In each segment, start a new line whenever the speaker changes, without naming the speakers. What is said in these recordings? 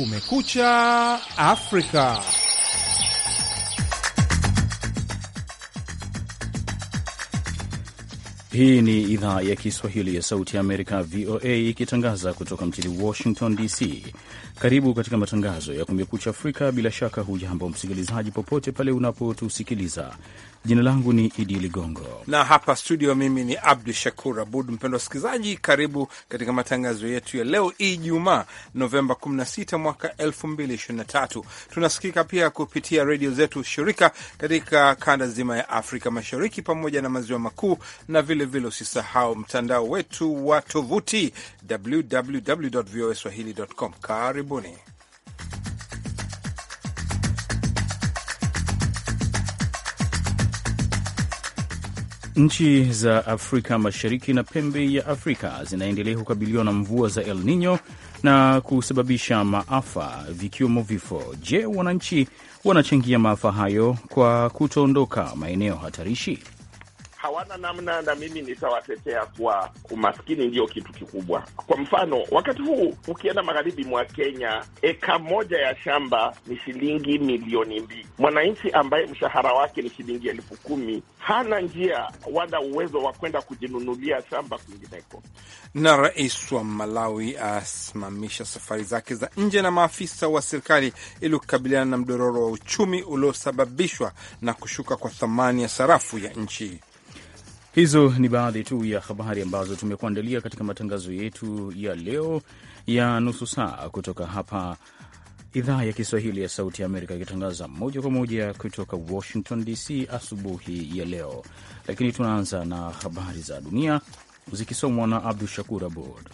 Kumekucha Afrika.
Hii ni idhaa ya Kiswahili ya Sauti ya Amerika, VOA, ikitangaza kutoka mjini Washington DC. Karibu katika matangazo ya Kumekucha Afrika. Bila shaka, hujambo msikilizaji, popote pale unapotusikiliza. Jina langu ni Idi Ligongo
na hapa studio mimi ni Abdu Shakur Abud. Mpendwa msikilizaji, karibu katika matangazo yetu ya leo Ijumaa, Novemba 16 mwaka 2023. Tunasikika pia kupitia redio zetu shirika katika kanda zima ya Afrika Mashariki pamoja na maziwa makuu na vile vilevile usisahau mtandao wetu wa tovuti www voa Karibuni.
Nchi za Afrika Mashariki na pembe ya Afrika zinaendelea kukabiliwa na mvua za El Nino na kusababisha maafa vikiwemo vifo. Je, wananchi wanachangia maafa hayo kwa kutoondoka maeneo hatarishi?
hawana namna, na mimi nitawatetea kuwa umaskini ndio kitu kikubwa. Kwa mfano, wakati huu ukienda magharibi mwa Kenya, eka moja ya shamba ni shilingi milioni mbili. Mwananchi ambaye mshahara wake ni shilingi elfu kumi hana njia wala uwezo wa kwenda kujinunulia shamba kwingineko.
Na rais wa Malawi asimamisha safari zake za nje na maafisa wa serikali ili kukabiliana na mdororo wa uchumi uliosababishwa na kushuka kwa thamani ya sarafu ya nchi.
Hizo ni baadhi tu ya habari ambazo tumekuandalia katika matangazo yetu ya leo ya nusu saa kutoka hapa idhaa ya Kiswahili ya Sauti ya Amerika, ikitangaza moja kwa moja kutoka Washington DC asubuhi ya leo. Lakini tunaanza na habari za dunia zikisomwa na Abdu Shakur Abord.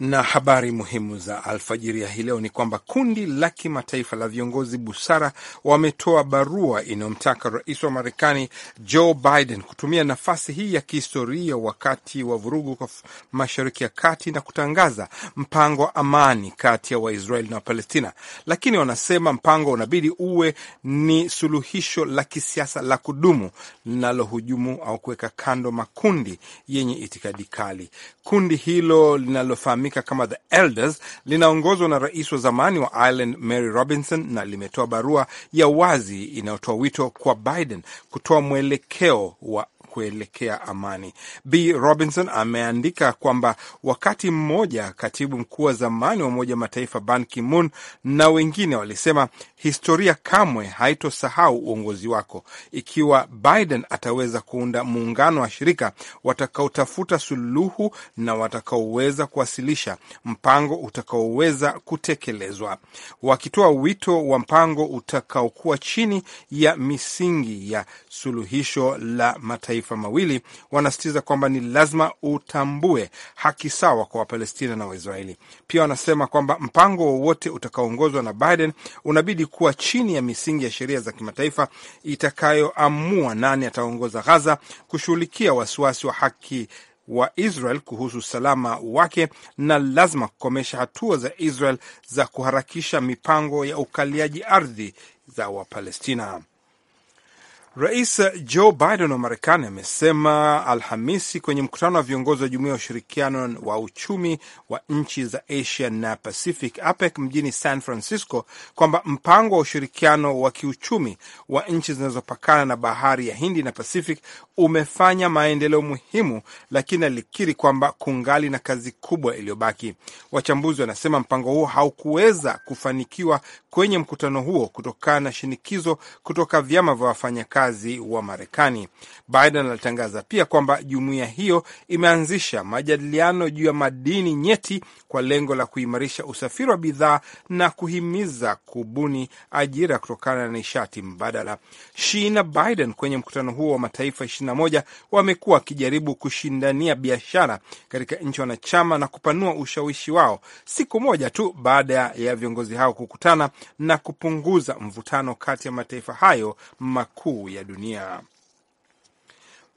Na habari muhimu za alfajiri ya hii leo ni kwamba kundi la kimataifa la viongozi busara wametoa barua inayomtaka rais wa Marekani Joe Biden kutumia nafasi hii ya kihistoria wakati wa vurugu kwa Mashariki ya Kati na kutangaza mpango wa amani kati ya Waisraeli na Wapalestina, lakini wanasema mpango unabidi uwe ni suluhisho la kisiasa la kudumu linalohujumu au kuweka kando makundi yenye itikadi kali. Kundi hilo linalofahamika linalofahamika kama The Elders linaongozwa na rais wa zamani wa Ireland Mary Robinson, na limetoa barua ya wazi inayotoa wito kwa Biden kutoa mwelekeo wa kuelekea amani. B Robinson ameandika kwamba wakati mmoja katibu mkuu wa zamani wa Umoja Mataifa Ban Ki-moon na wengine walisema historia kamwe haitosahau uongozi wako. Ikiwa Biden ataweza kuunda muungano wa shirika watakaotafuta suluhu na watakaoweza kuwasilisha mpango utakaoweza kutekelezwa, wakitoa wito wa mpango utakaokuwa chini ya misingi ya suluhisho la mataifa mawili, wanasisitiza kwamba ni lazima utambue haki sawa kwa Wapalestina na Waisraeli. Pia wanasema kwamba mpango wowote utakaoongozwa na Biden unabidi kuwa chini ya misingi ya sheria za kimataifa itakayoamua nani ataongoza Gaza, kushughulikia wasiwasi wa haki wa Israel kuhusu usalama wake na lazima kukomesha hatua za Israel za kuharakisha mipango ya ukaliaji ardhi za Wapalestina. Rais Joe Biden wa Marekani amesema Alhamisi kwenye mkutano wa viongozi wa jumuiya ya ushirikiano wa uchumi wa nchi za Asia na Pacific, APEC, mjini San Francisco kwamba mpango wa ushirikiano wa kiuchumi wa nchi zinazopakana na bahari ya Hindi na Pacific umefanya maendeleo muhimu, lakini alikiri kwamba kungali na kazi kubwa iliyobaki. Wachambuzi wanasema mpango huo haukuweza kufanikiwa kwenye mkutano huo kutokana na shinikizo kutoka vyama vya wafanyakazi wakazi wa Marekani. Biden alitangaza pia kwamba jumuiya hiyo imeanzisha majadiliano juu ya madini nyeti kwa lengo la kuimarisha usafiri wa bidhaa na kuhimiza kubuni ajira kutokana na nishati mbadala. Xi na Biden kwenye mkutano huo wa mataifa 21 wamekuwa wakijaribu kushindania biashara katika nchi wanachama na kupanua ushawishi wao, siku moja tu baada ya viongozi hao kukutana na kupunguza mvutano kati ya mataifa hayo makuu ya Dunia.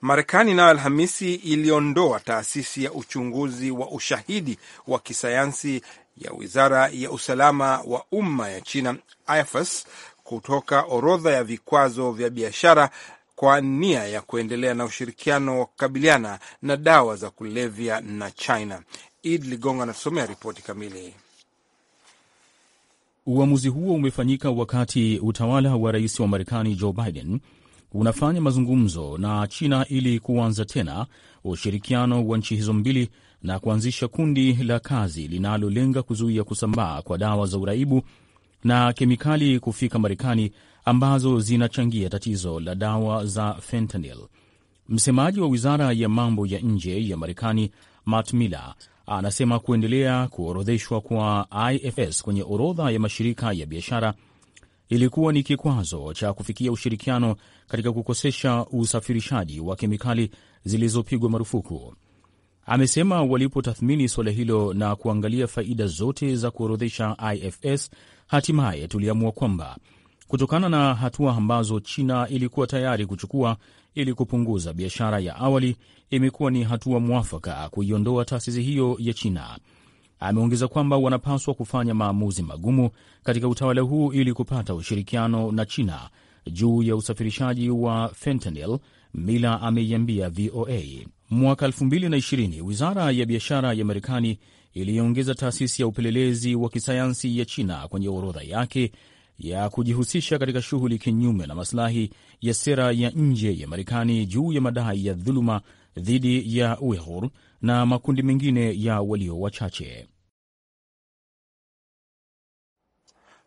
Marekani nayo Alhamisi iliondoa taasisi ya uchunguzi wa ushahidi wa kisayansi ya wizara ya usalama wa umma ya China, IFAS, kutoka orodha ya vikwazo vya biashara kwa nia ya kuendelea na ushirikiano wa kukabiliana na dawa za kulevya na China. Id Ligongo anatusomea ripoti kamili.
Uamuzi huo umefanyika wakati utawala wa rais wa Marekani Joe Biden unafanya mazungumzo na China ili kuanza tena ushirikiano wa nchi hizo mbili na kuanzisha kundi la kazi linalolenga kuzuia kusambaa kwa dawa za uraibu na kemikali kufika Marekani ambazo zinachangia tatizo la dawa za fentanyl. Msemaji wa wizara ya mambo ya nje ya Marekani Matt Miller anasema kuendelea kuorodheshwa kwa IFS kwenye orodha ya mashirika ya biashara ilikuwa ni kikwazo cha kufikia ushirikiano katika kukosesha usafirishaji wa kemikali zilizopigwa marufuku. Amesema walipotathmini suala hilo na kuangalia faida zote za kuorodhesha IFS, hatimaye tuliamua kwamba kutokana na hatua ambazo China ilikuwa tayari kuchukua ili kupunguza biashara ya awali, imekuwa ni hatua mwafaka kuiondoa taasisi hiyo ya China. Ameongeza kwamba wanapaswa kufanya maamuzi magumu katika utawala huu ili kupata ushirikiano na China juu ya usafirishaji wa fentanyl. Mila ameiambia VOA mwaka 2020 wizara ya biashara ya Marekani iliongeza taasisi ya upelelezi wa kisayansi ya China kwenye orodha yake ya kujihusisha katika shughuli kinyume na masilahi ya sera ya nje ya Marekani juu ya madai ya dhuluma dhidi ya Uighur na makundi mengine ya walio wachache.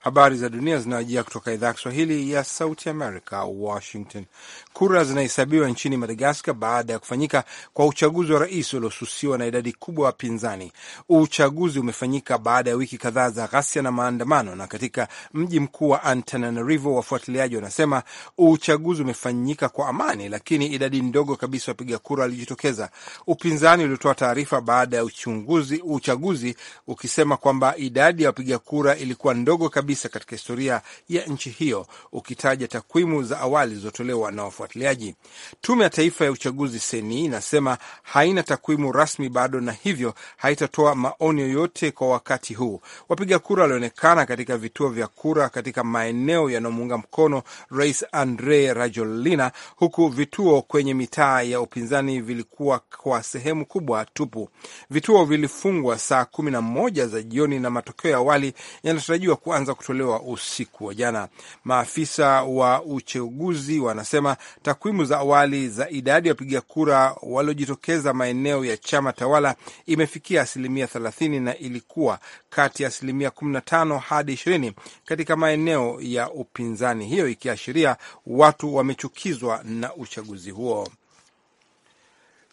Habari za dunia zinawajia kutoka idhaa ya Kiswahili ya Sauti Amerika, Washington. Kura zinahesabiwa nchini Madagaskar baada ya kufanyika kwa uchaguzi wa rais uliosusiwa na idadi kubwa ya wapinzani. Uchaguzi umefanyika baada ya wiki kadhaa za ghasia na maandamano, na katika mji mkuu wa Antananarivo wafuatiliaji wanasema uchaguzi umefanyika kwa amani, lakini idadi ndogo kabisa wapiga kura walijitokeza. Upinzani uliotoa taarifa baada ya uchunguzi, uchaguzi ukisema kwamba idadi ya wapiga kura ilikuwa ndogo kabisa kabisa katika historia ya nchi hiyo, ukitaja takwimu za awali zilizotolewa na wafuatiliaji. Tume ya Taifa ya Uchaguzi seni inasema haina takwimu rasmi bado, na hivyo haitatoa maoni yoyote kwa wakati huu. Wapiga kura walionekana katika vituo vya kura katika maeneo yanayomuunga mkono Rais Andre Rajolina, huku vituo kwenye mitaa ya upinzani vilikuwa kwa sehemu kubwa tupu. Vituo vilifungwa saa kumi na moja za jioni na matokeo ya awali yanatarajiwa kuanza kutolewa usiku wa jana. Maafisa wa uchaguzi wanasema takwimu za awali za idadi ya wapiga kura waliojitokeza maeneo ya chama tawala imefikia asilimia 30 na ilikuwa kati ya asilimia 15 hadi 20 katika maeneo ya upinzani, hiyo ikiashiria watu wamechukizwa na uchaguzi huo.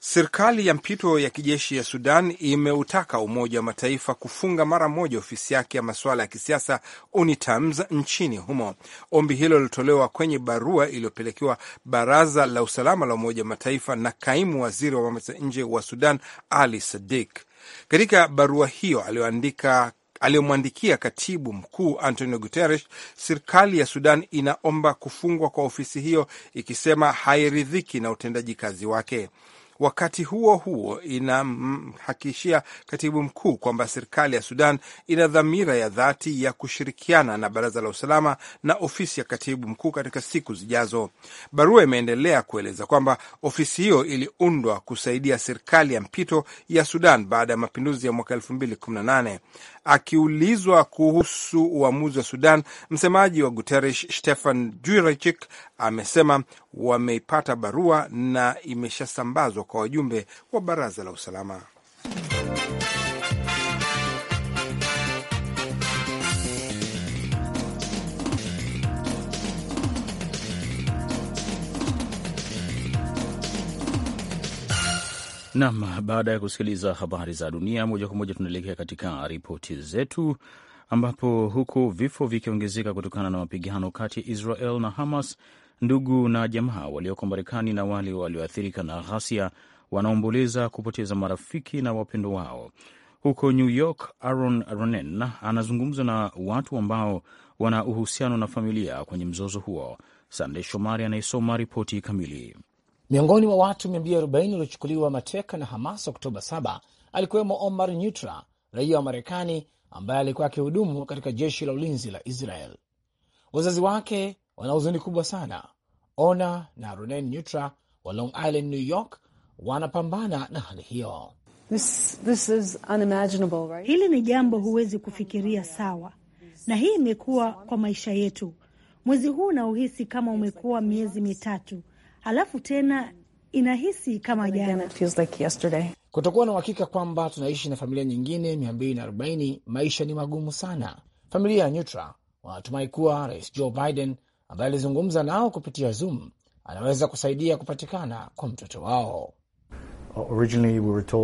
Serikali ya mpito ya kijeshi ya Sudan imeutaka Umoja wa Mataifa kufunga mara moja ofisi yake ya masuala ya kisiasa UNITAMS nchini humo. Ombi hilo lilitolewa kwenye barua iliyopelekewa Baraza la Usalama la Umoja wa Mataifa na kaimu waziri wa mambo ya nje wa Sudan Ali Sadik. Katika barua hiyo aliyoandika aliyomwandikia katibu mkuu Antonio Guterres, serikali ya Sudan inaomba kufungwa kwa ofisi hiyo, ikisema hairidhiki na utendaji kazi wake. Wakati huo huo, inamhakikishia katibu mkuu kwamba serikali ya Sudan ina dhamira ya dhati ya kushirikiana na baraza la usalama na ofisi ya katibu mkuu katika siku zijazo. Barua imeendelea kueleza kwamba ofisi hiyo iliundwa kusaidia serikali ya mpito ya Sudan baada ya mapinduzi ya mwaka 2018. Akiulizwa kuhusu uamuzi wa Sudan, msemaji wa Guterres Stefan Jurechik amesema wameipata barua na imeshasambazwa kwa wajumbe wa baraza la usalama.
Nam, baada ya kusikiliza habari za dunia moja kwa moja, tunaelekea katika ripoti zetu, ambapo huku vifo vikiongezeka kutokana na mapigano kati ya Israel na Hamas, ndugu na jamaa walioko Marekani na wale walioathirika na ghasia wanaomboleza kupoteza marafiki na wapendo wao. Huko New York, Aaron Ronen anazungumza na watu ambao wana uhusiano na familia kwenye mzozo huo. sandey Shomari anayesoma ripoti kamili.
Miongoni mwa watu 240 waliochukuliwa mateka na Hamas Oktoba 7 alikuwemo Omar Nyitra, raia wa Marekani ambaye alikuwa akihudumu katika jeshi la ulinzi la Israel. Wazazi wake wana huzuni kubwa sana. Ona na Ronen Nyutra wa Long Island, New York wanapambana na hali hiyo.
This, this is unimaginable, right? Hili ni jambo huwezi kufikiria, sawa? Na hii imekuwa kwa maisha yetu. Mwezi huu unaohisi kama umekuwa miezi mitatu alafu tena inahisi kama jana.
Kutokuwa na uhakika kwamba tunaishi na familia nyingine 240, maisha ni magumu sana. Familia ya Nyutra wanatumai kuwa Rais Joe Biden ambaye alizungumza nao kupitia Zoom anaweza kusaidia kupatikana kwa mtoto wao.
Uh,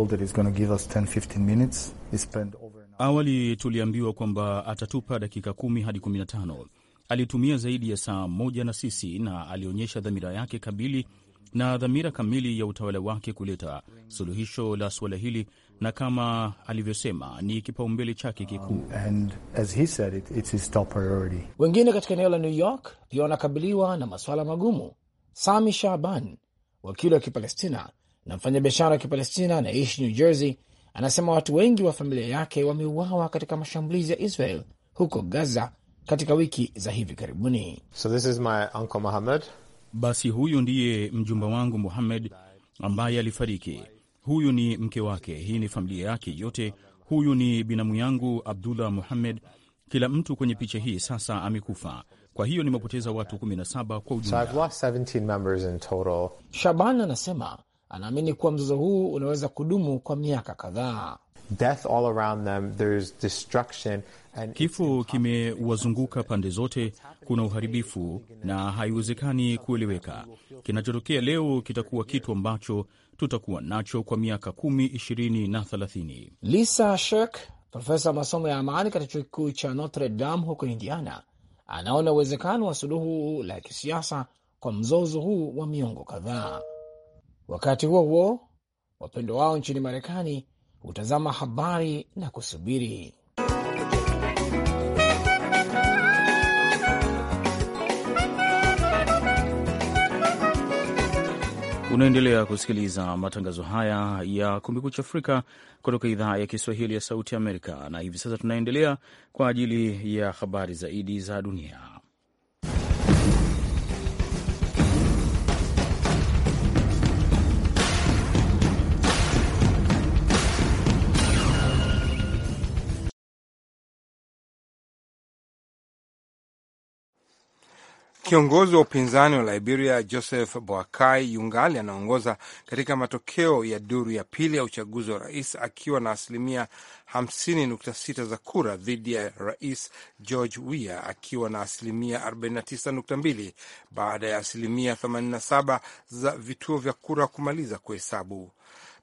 Awali tuliambiwa kwamba atatupa dakika kumi hadi tano alitumia zaidi ya saa moja na sisi na alionyesha dhamira yake kabili na dhamira kamili ya utawala wake kuleta suluhisho la suala hili, na kama alivyosema ni kipaumbele chake kikuu.
Um, it,
wengine katika eneo la New York pia
wanakabiliwa na masuala magumu. Sami Shaban, wakili wa Kipalestina na mfanyabiashara wa Kipalestina anayeishi New Jersey, anasema watu wengi wa familia yake wameuawa katika mashambulizi ya Israel huko Gaza katika wiki za hivi karibuni. So this is
my uncle Muhammad. Basi huyu ndiye mjumba wangu Muhammad ambaye alifariki. Huyu ni mke wake, hii ni familia yake yote. Huyu ni binamu yangu Abdullah Muhammad. Kila mtu kwenye picha hii sasa amekufa. Kwa hiyo nimepoteza watu 17 kwa
ujumla. Shaban anasema anaamini kuwa mzozo huu unaweza kudumu kwa miaka
kadhaa. Kifo kimewazunguka pande zote, kuna uharibifu na haiwezekani kueleweka. Kinachotokea leo kitakuwa kitu ambacho tutakuwa nacho kwa miaka kumi, ishirini na thelathini.
Lisa Shirk, profesa wa masomo ya amani katika chuo kikuu cha Notre Dame huko Indiana, anaona uwezekano wa suluhu la kisiasa kwa mzozo huu wa miongo kadhaa. Wakati huo huo, wapendo wao nchini Marekani hutazama habari na kusubiri.
Unaendelea kusikiliza matangazo haya ya Kumekucha Afrika kutoka idhaa ya Kiswahili ya Sauti Amerika, na hivi sasa tunaendelea kwa ajili ya habari zaidi za dunia.
Kiongozi wa upinzani wa Liberia Joseph Boakai yungali anaongoza katika matokeo ya duru ya pili ya uchaguzi wa rais akiwa na asilimia 50.6 za kura dhidi ya rais George Weah akiwa na asilimia 49.2 baada ya asilimia 87 za vituo vya kura kumaliza kuhesabu.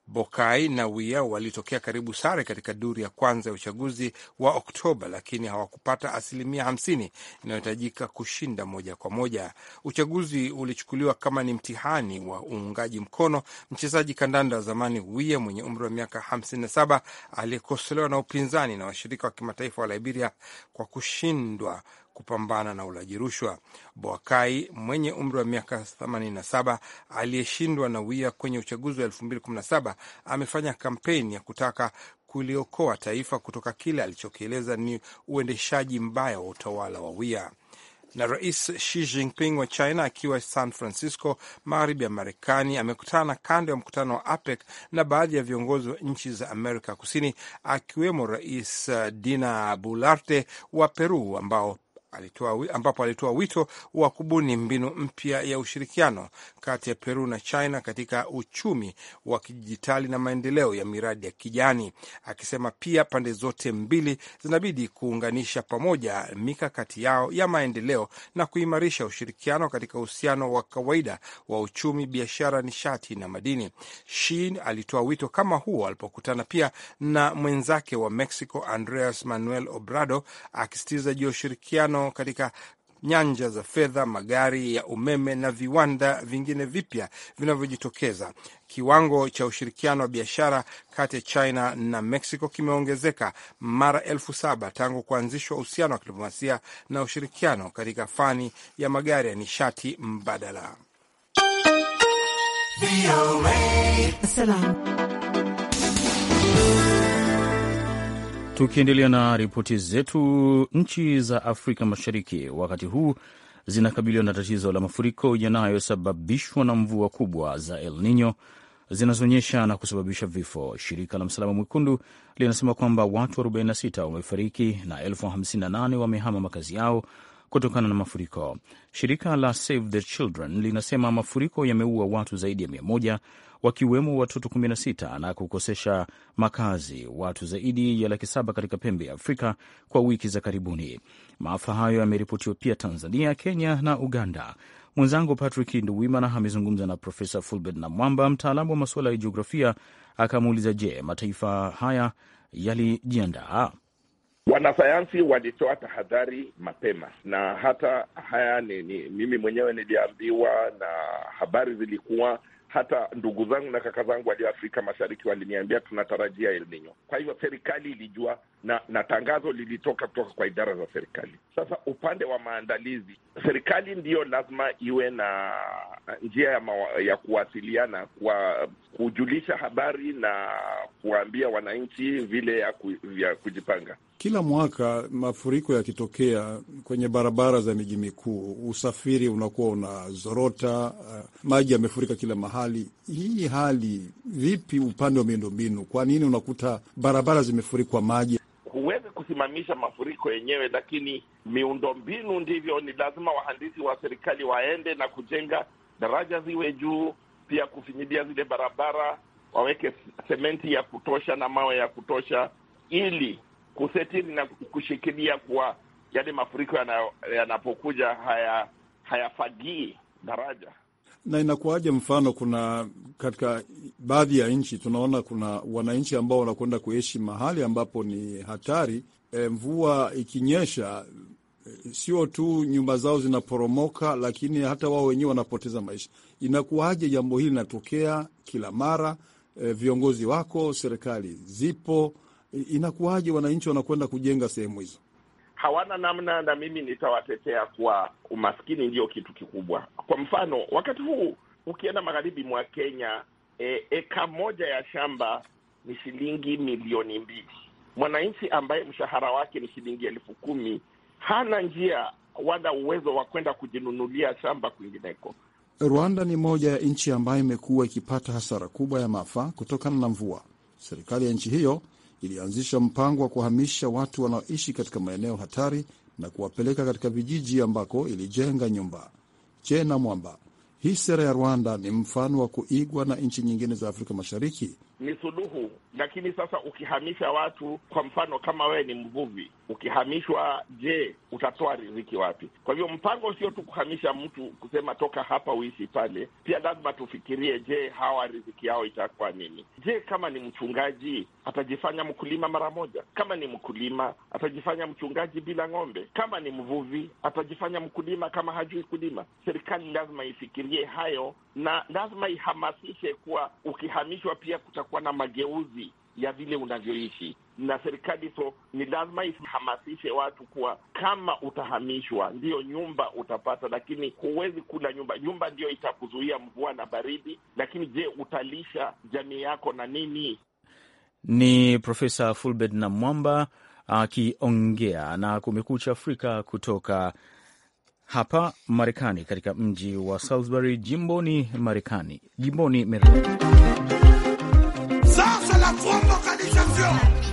Bokai na Wia walitokea karibu sare katika duru ya kwanza ya uchaguzi wa Oktoba, lakini hawakupata asilimia hamsini inayohitajika kushinda moja kwa moja. Uchaguzi ulichukuliwa kama ni mtihani wa uungaji mkono. Mchezaji kandanda wa zamani Wia mwenye umri wa miaka 57 aliyekosolewa na upinzani na washirika wa kimataifa wa Liberia kwa kushindwa kupambana na ulaji rushwa. Boakai mwenye umri wa miaka 87 aliyeshindwa na wia kwenye uchaguzi wa 2017 amefanya kampeni ya kutaka kuliokoa taifa kutoka kile alichokieleza ni uendeshaji mbaya wa utawala wa wia na Rais Xi Jinping wa China akiwa San Francisco, magharibi ya Marekani, amekutana kando ya mkutano wa APEC na baadhi ya viongozi wa nchi za Amerika Kusini, akiwemo Rais Dina Bularte wa Peru, ambao alitoa, ambapo alitoa wito wa kubuni mbinu mpya ya ushirikiano kati ya Peru na China katika uchumi wa kidijitali na maendeleo ya miradi ya kijani, akisema pia pande zote mbili zinabidi kuunganisha pamoja mikakati yao ya maendeleo na kuimarisha ushirikiano katika uhusiano wa kawaida wa uchumi, biashara, nishati na madini. Shin alitoa wito kama huo alipokutana pia na mwenzake wa Mexico andreas Manuel Obrador, akisitiza juu ya ushirikiano katika nyanja za fedha, magari ya umeme na viwanda vingine vipya vinavyojitokeza. Kiwango cha ushirikiano wa biashara kati ya China na Mexico kimeongezeka mara elfu saba tangu kuanzishwa uhusiano wa kidiplomasia na ushirikiano katika fani ya magari ya nishati mbadala.
Tukiendelea na ripoti zetu, nchi za Afrika Mashariki wakati huu zinakabiliwa na tatizo la mafuriko yanayosababishwa na mvua kubwa za El Nino zinazoonyesha na kusababisha vifo. Shirika la Msalaba Mwekundu linasema kwamba watu 46 wamefariki na elfu 58 wamehama makazi yao kutokana na mafuriko. Shirika la Save the Children linasema mafuriko yameua watu zaidi ya mia moja wakiwemo watoto 16 na kukosesha makazi watu zaidi ya laki saba katika pembe ya Afrika kwa wiki za karibuni. Maafa hayo yameripotiwa pia Tanzania, Kenya na Uganda. Mwenzangu Patrick Nduwimana amezungumza na Profesa Fulbert Namwamba, mtaalamu wa masuala ya jiografia, akamuuliza je, mataifa haya yalijiandaa?
Wanasayansi walitoa tahadhari mapema, na hata haya ni, ni, mimi mwenyewe niliambiwa na habari zilikuwa hata ndugu zangu na kaka zangu walio Afrika Mashariki waliniambia tunatarajia El Nino. Kwa hivyo serikali ilijua na, na tangazo lilitoka kutoka kwa idara za serikali. Sasa upande wa maandalizi, serikali ndiyo lazima iwe na njia ya, mawa, ya kuwasiliana kwa kujulisha habari na kuwaambia wananchi vile ya, ku, ya kujipanga. Kila
mwaka mafuriko yakitokea kwenye barabara za miji mikuu, usafiri unakuwa unazorota, uh, maji yamefurika kila mahali. Hii hali vipi upande wa miundombinu? Kwa nini unakuta barabara zimefurikwa maji?
Huwezi kusimamisha mafuriko yenyewe, lakini miundombinu ndivyo, ni lazima wahandisi wa serikali waende na kujenga daraja ziwe juu, pia kufinyilia zile barabara, waweke sementi ya kutosha na mawe ya kutosha ili kusetili na kushikilia kuwa yale mafuriko yanapokuja haya hayafagii daraja
na inakuwaje? Mfano, kuna katika baadhi ya nchi tunaona kuna wananchi ambao wanakwenda kuishi mahali ambapo ni hatari. E, mvua ikinyesha, e, sio tu nyumba zao zinaporomoka, lakini hata wao wenyewe wanapoteza maisha. Inakuwaje jambo hili linatokea kila mara? E, viongozi wako serikali zipo Inakuwaje wananchi wanakwenda kujenga sehemu hizo?
Hawana namna, na mimi nitawatetea kwa umaskini ndio kitu kikubwa. Kwa mfano, wakati huu ukienda magharibi mwa Kenya, e, eka moja ya shamba ni shilingi milioni mbili. Mwananchi ambaye mshahara wake ni shilingi elfu kumi hana njia wala uwezo wa kwenda kujinunulia shamba kwingineko.
Rwanda ni moja ya nchi ambayo imekuwa ikipata hasara kubwa ya maafa kutokana na mvua. Serikali ya nchi hiyo ilianzisha mpango wa kuhamisha watu wanaoishi katika maeneo hatari na kuwapeleka katika vijiji ambako ilijenga nyumba. Je, na Mwamba, hii sera ya Rwanda ni mfano wa kuigwa na nchi nyingine za Afrika Mashariki
ni suluhu, lakini sasa ukihamisha watu, kwa mfano kama wewe ni mvuvi ukihamishwa, je, utatoa riziki wapi? Kwa hivyo mpango sio tu kuhamisha mtu kusema toka hapa uishi pale, pia lazima tufikirie, je, hawa riziki yao itakuwa nini? Je, kama ni mchungaji atajifanya mkulima mara moja? Kama ni mkulima atajifanya mchungaji bila ng'ombe? Kama ni mvuvi atajifanya mkulima kama hajui kulima? Serikali lazima ifikirie hayo na lazima ihamasishe kuwa ukihamishwa pia kuta kutakuwa na mageuzi ya vile unavyoishi na serikali. So ni lazima isihamasishe watu kuwa kama utahamishwa, ndiyo nyumba utapata, lakini huwezi kula nyumba. Nyumba ndiyo itakuzuia mvua na baridi, lakini je, utalisha jamii yako na nini?
Ni Profesa Fulbert na Mwamba akiongea na Kumekucha Afrika kutoka hapa Marekani, katika mji wa Salisbury, jimboni Marekani, jimboni Maryland.
我们开的枪响。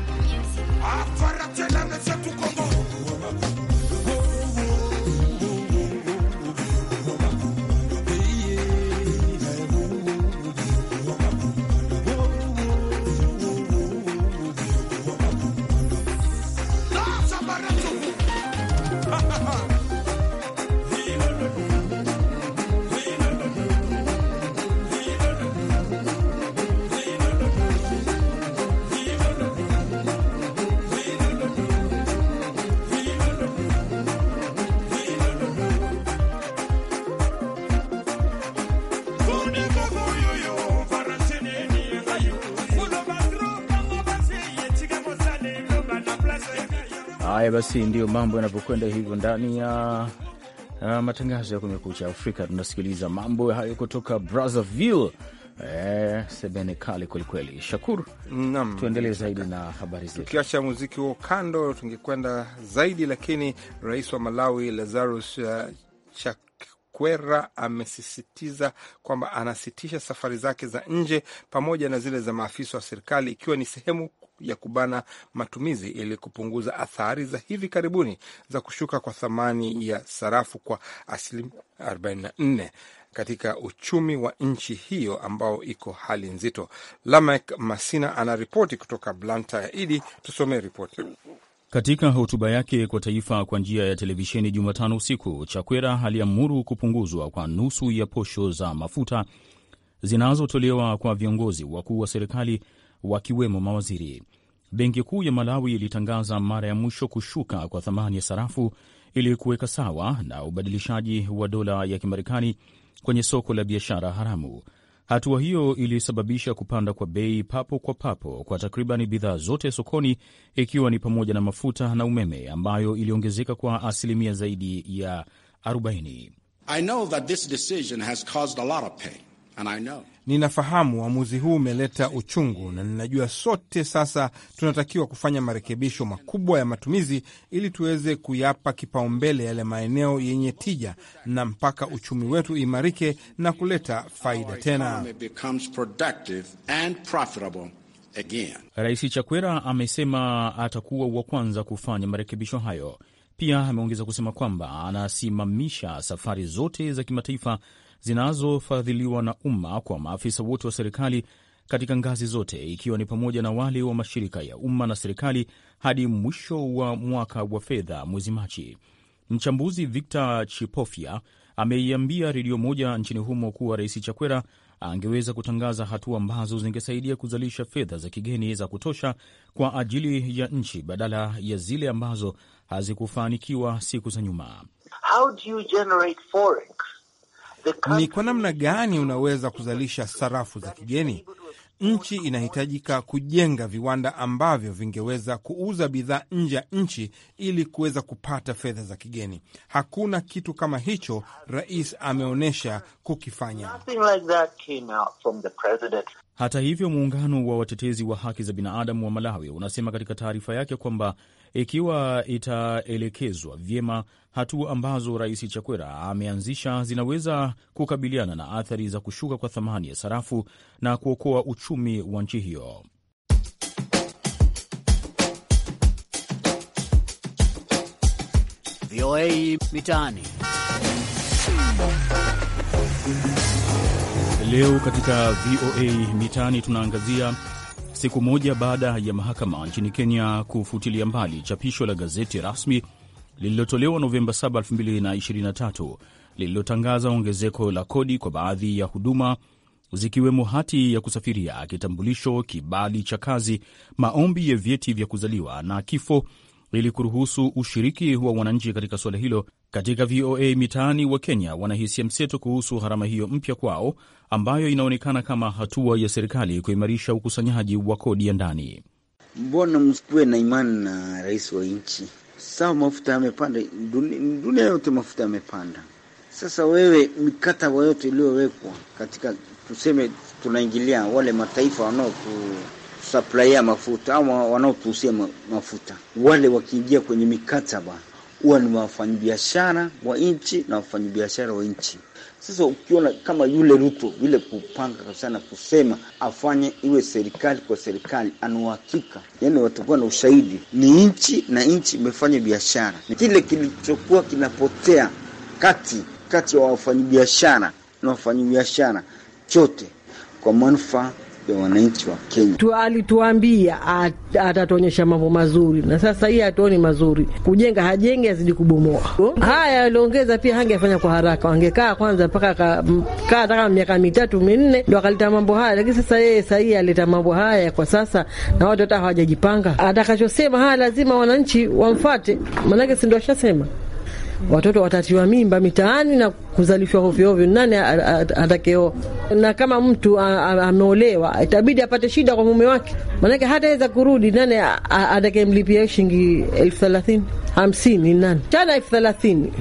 Haya basi, ndiyo mambo yanavyokwenda hivyo ndani ya uh, matangazo ya Kumekucha Afrika. Tunasikiliza mambo hayo kutoka Brazzaville. Eh, sebene kali kwelikweli, Shakur. Naam, tuendelee zaidi na habari zetu.
Tukiacha muziki huo kando, tungekwenda zaidi, lakini rais wa Malawi Lazarus uh, Chakwera amesisitiza kwamba anasitisha safari zake za nje pamoja na zile za maafisa wa serikali, ikiwa ni sehemu ya kubana matumizi ili kupunguza athari za hivi karibuni za kushuka kwa thamani ya sarafu kwa asilimia 44 katika uchumi wa nchi hiyo ambao iko hali nzito. Lamek Masina anaripoti kutoka Blanta. Idi, tusomee ripoti.
Katika hotuba yake kwa taifa kwa njia ya televisheni Jumatano usiku, Chakwera aliamuru kupunguzwa kwa nusu ya posho za mafuta zinazotolewa kwa viongozi wakuu wa serikali wakiwemo mawaziri. Benki Kuu ya Malawi ilitangaza mara ya mwisho kushuka kwa thamani ya sarafu ili kuweka sawa na ubadilishaji wa dola ya Kimarekani kwenye soko la biashara haramu. Hatua hiyo ilisababisha kupanda kwa bei papo kwa papo kwa takribani bidhaa zote sokoni, ikiwa ni pamoja na mafuta na umeme, ambayo iliongezeka kwa asilimia zaidi ya 40. I know that this decision has caused a lot of pain, and I know
Ninafahamu uamuzi huu umeleta uchungu na ninajua sote sasa tunatakiwa kufanya marekebisho makubwa ya matumizi ili tuweze kuyapa kipaumbele yale maeneo yenye tija na mpaka uchumi wetu imarike na kuleta faida tena.
Rais Chakwera amesema atakuwa wa kwanza kufanya marekebisho hayo. Pia ameongeza kusema kwamba anasimamisha safari zote za kimataifa zinazofadhiliwa na umma kwa maafisa wote wa serikali katika ngazi zote ikiwa ni pamoja na wale wa mashirika ya umma na serikali hadi mwisho wa mwaka wa fedha mwezi Machi. Mchambuzi Victor Chipofya ameiambia redio moja nchini humo kuwa Rais Chakwera angeweza kutangaza hatua ambazo zingesaidia kuzalisha fedha za kigeni za kutosha kwa ajili ya nchi badala ya zile ambazo hazikufanikiwa siku za nyuma.
How do you generate forex?
ni kwa namna gani unaweza kuzalisha sarafu za kigeni. Nchi inahitajika kujenga viwanda ambavyo vingeweza kuuza bidhaa nje ya nchi ili kuweza kupata fedha za kigeni. Hakuna kitu kama hicho rais ameonyesha kukifanya. Hata hivyo,
muungano wa watetezi wa haki za binadamu wa Malawi unasema katika taarifa yake kwamba ikiwa itaelekezwa vyema hatua ambazo Rais Chakwera ameanzisha zinaweza kukabiliana na athari za kushuka kwa thamani ya sarafu na kuokoa uchumi wa nchi hiyo. VOA Mitaani. Leo katika VOA Mitaani tunaangazia siku moja baada ya mahakama nchini Kenya kufutilia mbali chapisho la gazeti rasmi lililotolewa Novemba 7, 2023 lililotangaza ongezeko la kodi kwa baadhi ya huduma zikiwemo hati ya kusafiria, kitambulisho, kibali cha kazi, maombi ya vyeti vya kuzaliwa na kifo, ili kuruhusu ushiriki wa wananchi katika suala hilo katika VOA Mitaani, wa kenya wanahisia mseto kuhusu gharama hiyo mpya kwao, ambayo inaonekana kama hatua ya serikali kuimarisha ukusanyaji wa kodi ya ndani. Mbona msikuwe na imani na rais wa nchi? Sawa, mafuta yamepanda, dunia yote mafuta yamepanda. Sasa wewe, mikataba yote iliyowekwa katika, tuseme tunaingilia wale mataifa wanaotusaplaia mafuta ama wanaotuusia mafuta, wale wakiingia kwenye mikataba huwa ni wafanyabiashara wa nchi na wafanyabiashara wa nchi. Sasa ukiona kama yule Ruto yule kupanga kabisa na kusema afanye iwe serikali kwa serikali, anauhakika yani, watakuwa na ushahidi ni nchi na nchi imefanya biashara. Kile kilichokuwa kinapotea kati kati ya wafanyabiashara na wafanyabiashara, chote kwa manufaa ya wananchi
wa Kenya. Tu alituambia atatuonyesha mambo mazuri, na sasa hii hatuoni mazuri. Kujenga hajenge, azidi kubomoa. Haya aliongeza pia, hangefanya kwa haraka, wangekaa kwanza mpaka kaa hata miaka mitatu minne, ndo akaleta mambo haya. Lakini sasa yeye sahii aleta mambo haya kwa sasa, na watu hata hawajajipanga. Atakachosema haya lazima wananchi wamfate, maanake si ndo ashasema watoto watatiwa mimba mitaani na kuzalishwa ovyo ovyo, nani atakeo? Na kama mtu ameolewa itabidi apate shida kwa mume wake, maanake hataweza kurudi. Nani atakemlipia shilingi elfu thelathini hamsini? Nani chana elfu thelathini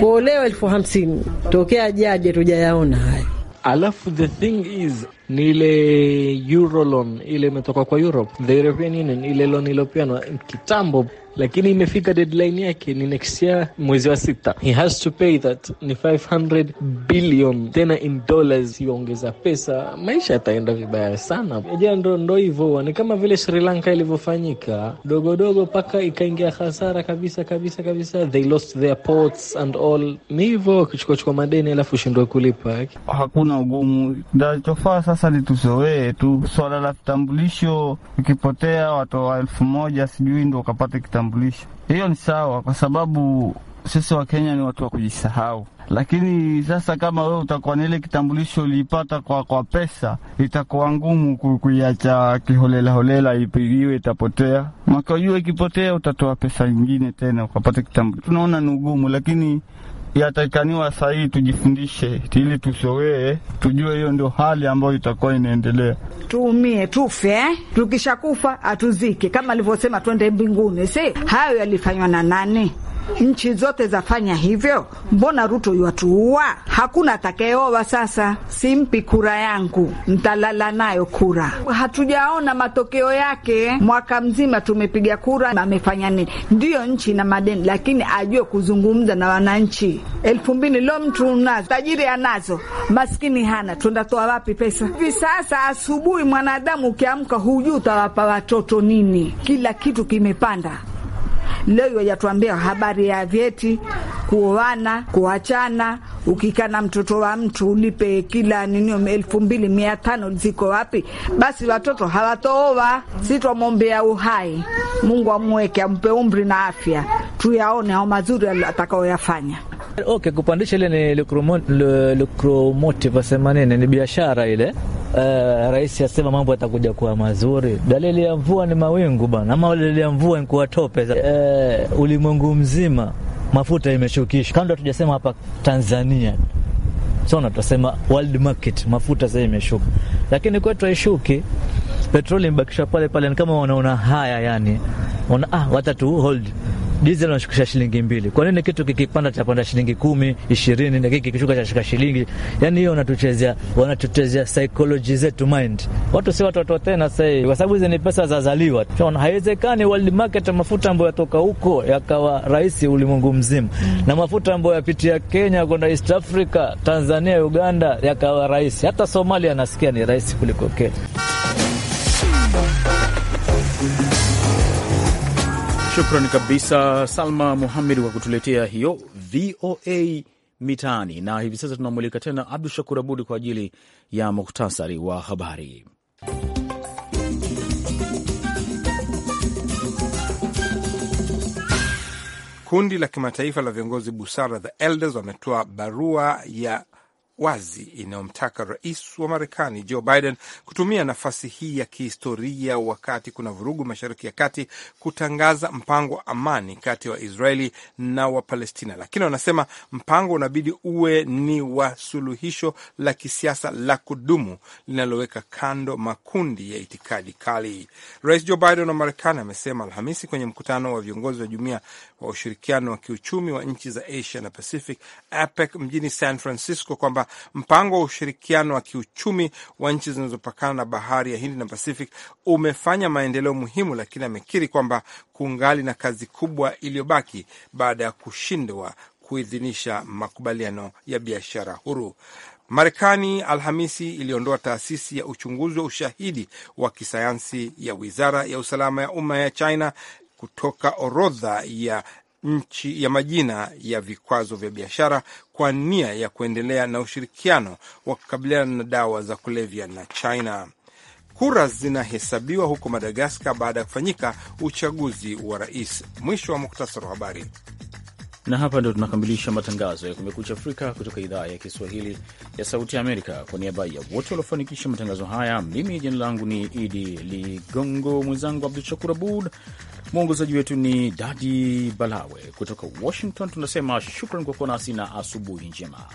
kuolewa elfu hamsini tokea jaje, tujayaona haya.
Alafu the thing is ni ile Euroloan ile imetoka kwa Europe, the European Union, ile loan iliyopeanwa kitambo lakini imefika deadline yake ni next year mwezi wa sita. He has to pay that ni 500 billion tena in dollars. Iongeza pesa, maisha yataenda vibaya sana. Eja ndo ndo hivyo, ni kama vile Sri Lanka ilivyofanyika dogodogo mpaka ikaingia hasara kabisa kabisa kabisa. They lost their ports and all. Ni hivyo kuchukuachukua madeni
alafu ushindwe kulipa. Hakuna ugumu,
nachofaa sasa ni tusowee tu
swala la kitambulisho, Ukipotea watoa elfu moja sijui ndo ukapata kitambulisho kujitambulisha. Hiyo ni sawa, kwa sababu sisi Wakenya ni watu wa kujisahau, lakini sasa kama wewe utakuwa na ile kitambulisho uliipata kwa, kwa pesa, itakuwa ngumu kuiacha kiholelaholela, ipigiwe itapotea. Mwaka ujua ikipotea, utatoa pesa nyingine tena ukapata kitambulisho.
Tunaona ni ugumu, lakini yatakikaniwa sahihi, tujifundishe ili tusowee, tujue hiyo ndio hali ambayo itakuwa inaendelea.
Tuumie tufe eh? Tukishakufa hatuzike kama alivyosema, twende mbinguni. Si hayo yalifanywa na nani? nchi zote zafanya hivyo, mbona Ruto yuatuua? Hakuna atakayeoa sasa. Simpi kura yangu, ntalala nayo kura. Hatujaona matokeo yake, mwaka mzima tumepiga kura, amefanya nini? Ndiyo nchi na madeni, lakini ajue kuzungumza na wananchi. elfu mbili lo, mtu nazo, tajiri anazo, maskini hana, tundatoa wapi pesa hivi sasa? Asubuhi mwanadamu ukiamka, hujui utawapa watoto nini, kila kitu kimepanda leo yatuambia habari ya vyeti kuoana, kuachana. Ukikaa na mtoto wa mtu ulipe kila nini elfu mbili mia tano ziko wapi? Basi watoto si Sitomwombea uhai, Mungu amweke ampe umri na afya, tuyaone ao mazuri atakaoyafanya.
Okay, kupandisha ile ni lucromotive, wasema nini, ni biashara ile. Uh, rais asema mambo yatakuja kuwa mazuri. Dalili ya mvua ni mawingu bana, ama dalili ya mvua ni kuwa tope. Uh, ulimwengu mzima mafuta imeshukisha. Kando hatujasema hapa Tanzania sona, tutasema world market, mafuta sasa imeshuka, lakini kwetu haishuki. Petroli imebakisha pale pale, ni kama wanaona haya, yani wana ah, watatu hold diesel unashukisha shilingi mbili. Kwa nini kitu kikipanda chapanda shilingi kumi, ishirini na kiki kishuka shilingi? Yani hiyo wanatuchezea, wanatuchezea psychology zetu mind. Watu si watoto tena sasa hivi, kwa sababu hizi ni pesa zazaliwa. Tunaona haiwezekani world market mafuta ambayo yatoka huko yakawa rahisi ulimwengu mzima, mm. na mafuta ambayo yapitia Kenya kwenda East Africa, Tanzania, Uganda yakawa rahisi. Hata Somalia nasikia ni rahisi kuliko Kenya. Shukran kabisa Salma Muhamed kwa kutuletea hiyo VOA Mitaani. Na hivi sasa tunamulika tena Abdu Shakur Abud kwa ajili ya muktasari wa habari.
Kundi la kimataifa la viongozi busara, The Elders, wametoa barua ya wazi inayomtaka rais wa Marekani Joe Biden kutumia nafasi hii ya kihistoria wakati kuna vurugu Mashariki ya Kati kutangaza mpango wa amani kati ya wa Waisraeli na Wapalestina, lakini wanasema mpango unabidi uwe ni wa suluhisho la kisiasa la kudumu linaloweka kando makundi ya itikadi kali. Rais Joe Biden wa Marekani amesema Alhamisi kwenye mkutano wa viongozi wa jumuiya wa ushirikiano wa kiuchumi wa nchi za Asia na Pacific, APEC, mjini San Francisco kwamba mpango wa ushirikiano wa kiuchumi wa nchi zinazopakana na bahari ya Hindi na Pacific umefanya maendeleo muhimu, lakini amekiri kwamba kungali na kazi kubwa iliyobaki baada ya kushindwa kuidhinisha makubaliano ya biashara huru. Marekani Alhamisi iliondoa taasisi ya uchunguzi wa ushahidi wa kisayansi ya wizara ya usalama ya umma ya China kutoka orodha ya nchi ya majina ya vikwazo vya biashara kwa nia ya kuendelea na ushirikiano wa kukabiliana na dawa za kulevya na China. Kura zinahesabiwa huko Madagaskar baada ya kufanyika uchaguzi wa rais. Mwisho wa muktasari wa habari.
Na hapa ndio tunakamilisha matangazo ya Kumekucha Afrika kutoka idhaa ya Kiswahili ya Sauti ya Amerika. Kwa niaba ya wote waliofanikisha matangazo haya, mimi jina langu ni Idi Ligongo, mwenzangu Abdu Shakur Abud, mwongozaji wetu ni Dadi Balawe. Kutoka Washington tunasema shukran kwa kuwa nasi na asubuhi njema.